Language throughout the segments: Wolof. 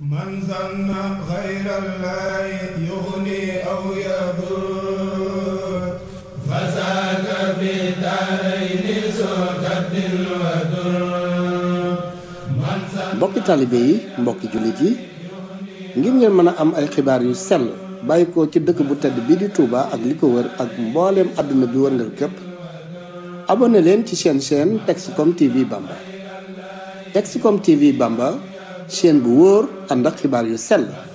من ظن غير الله يغني أو يضر mbokki taalibe yi mbokki jullit yi ngir ngeen mën a am ay xibaar yu sell bàyyi ko ci dëkk bu tedd bi di Touba ak li ko wër ak mbooleem àdduna bi wër ngeen képp leen ci seen chaîne Texcom TV Bamba TV Bamba chaîne bu wóor ànd ak xibaar yu sell. Amen.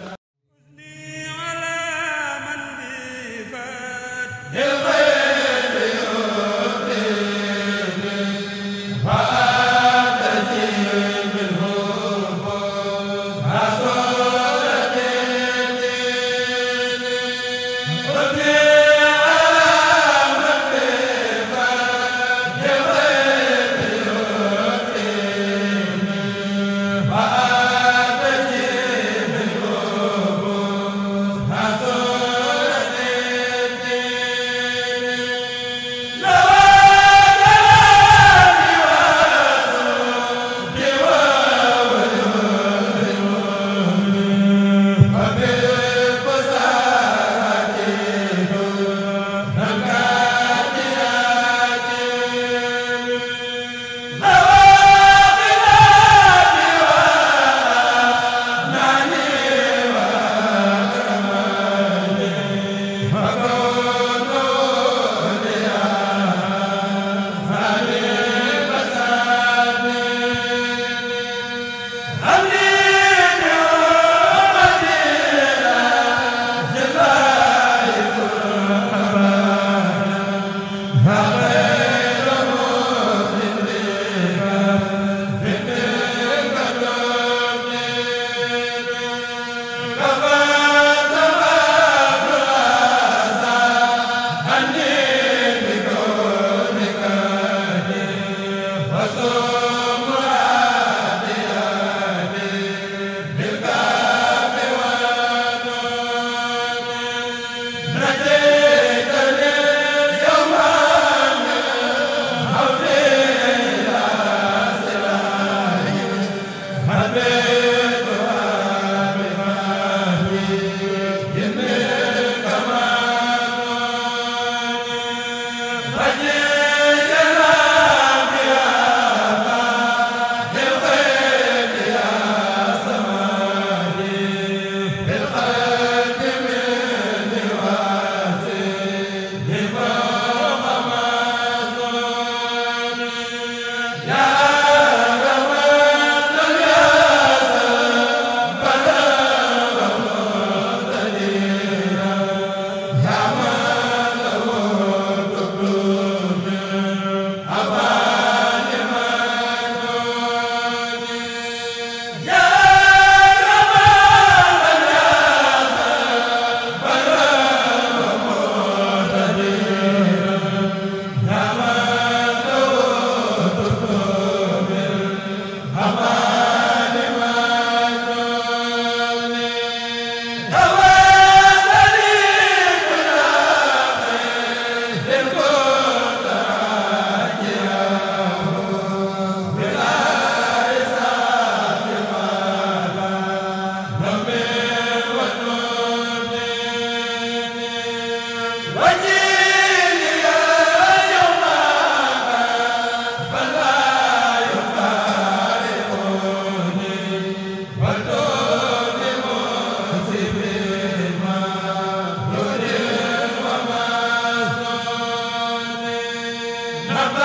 Baba.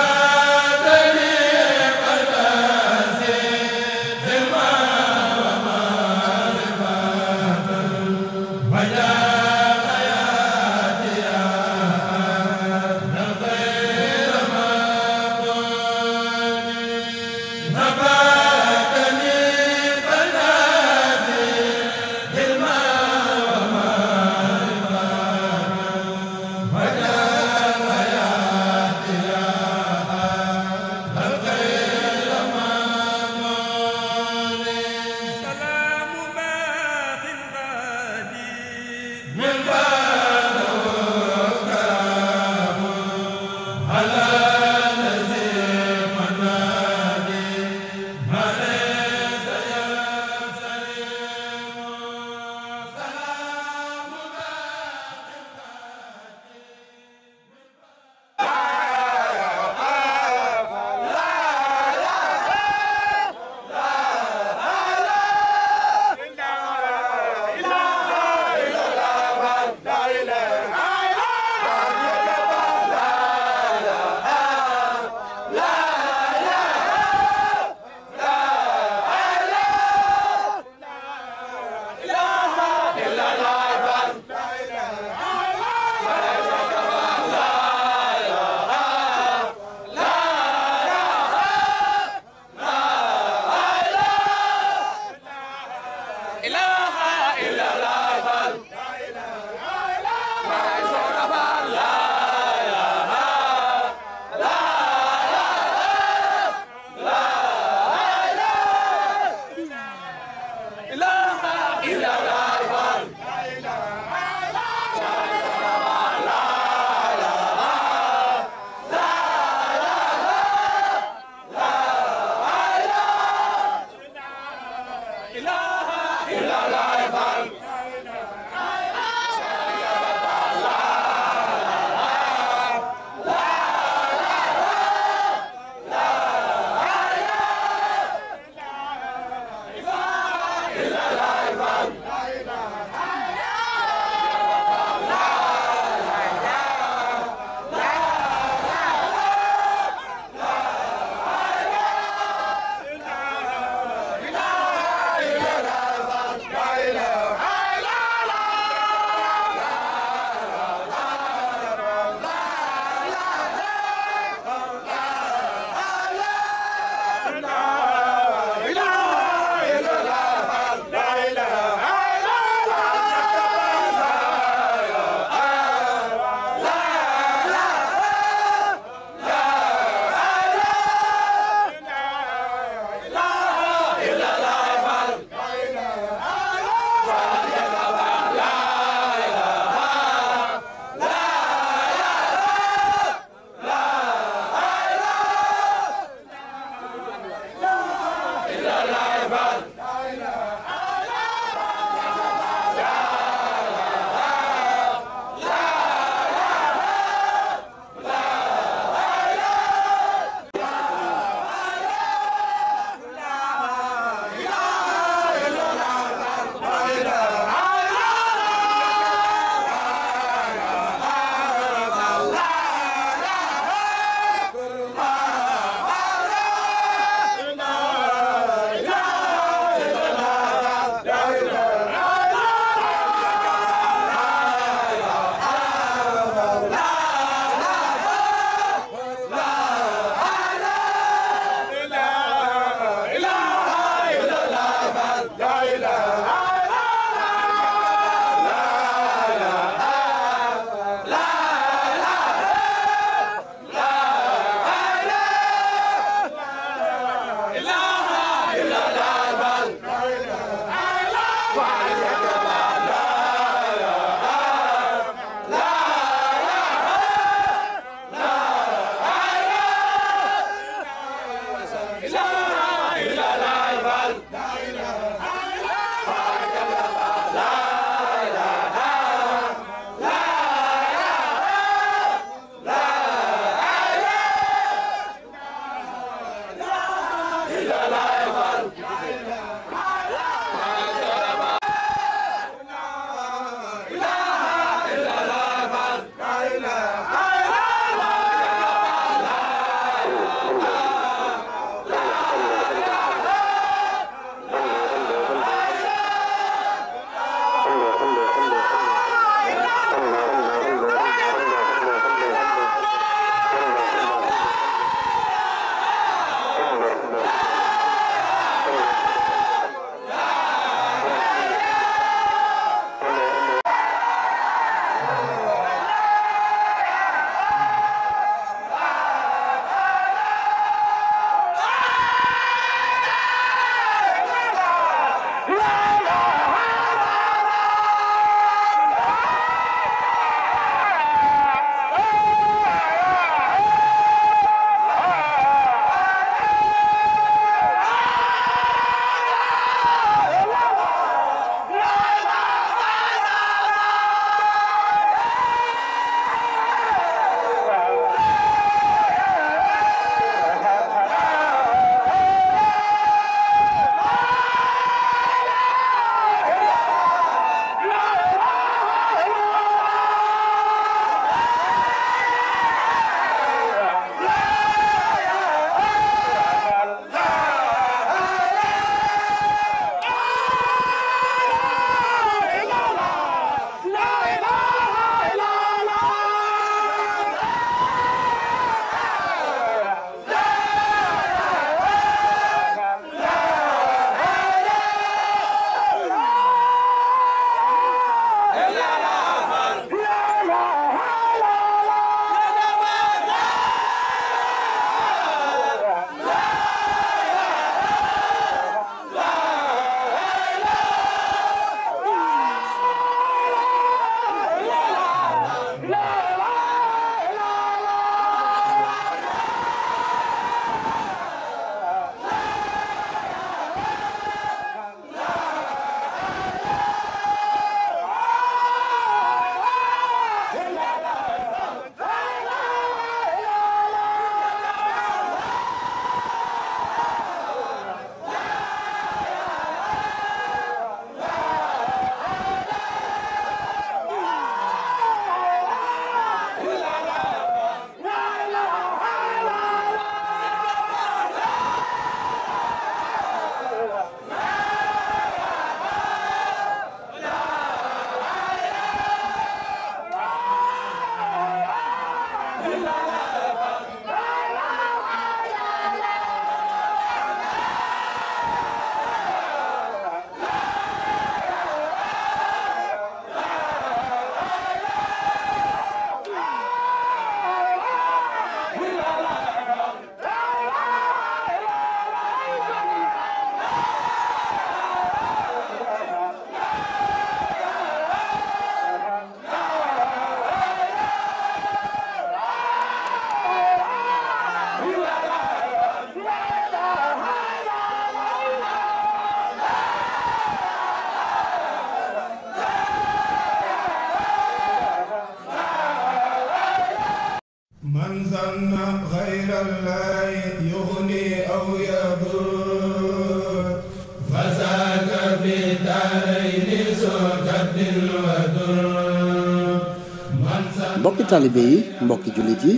எல்லாரும் mbokki taalibe yi mbokki jullit yi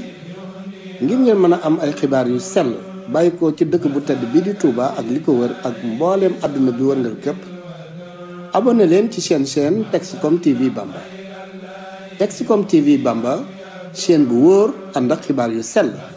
ngir ngeen mën a am ay xibaar yu sell bàyyi ko ci dëkk bu tedd bi di tuuba ak li ko wër ak mbooleem àdduna bi wër ngeen képp abonné leen ci seen chaîne Texcom TV Bamba Texcom TV Bamba seen bu wóor ànd ak xibaar yu sell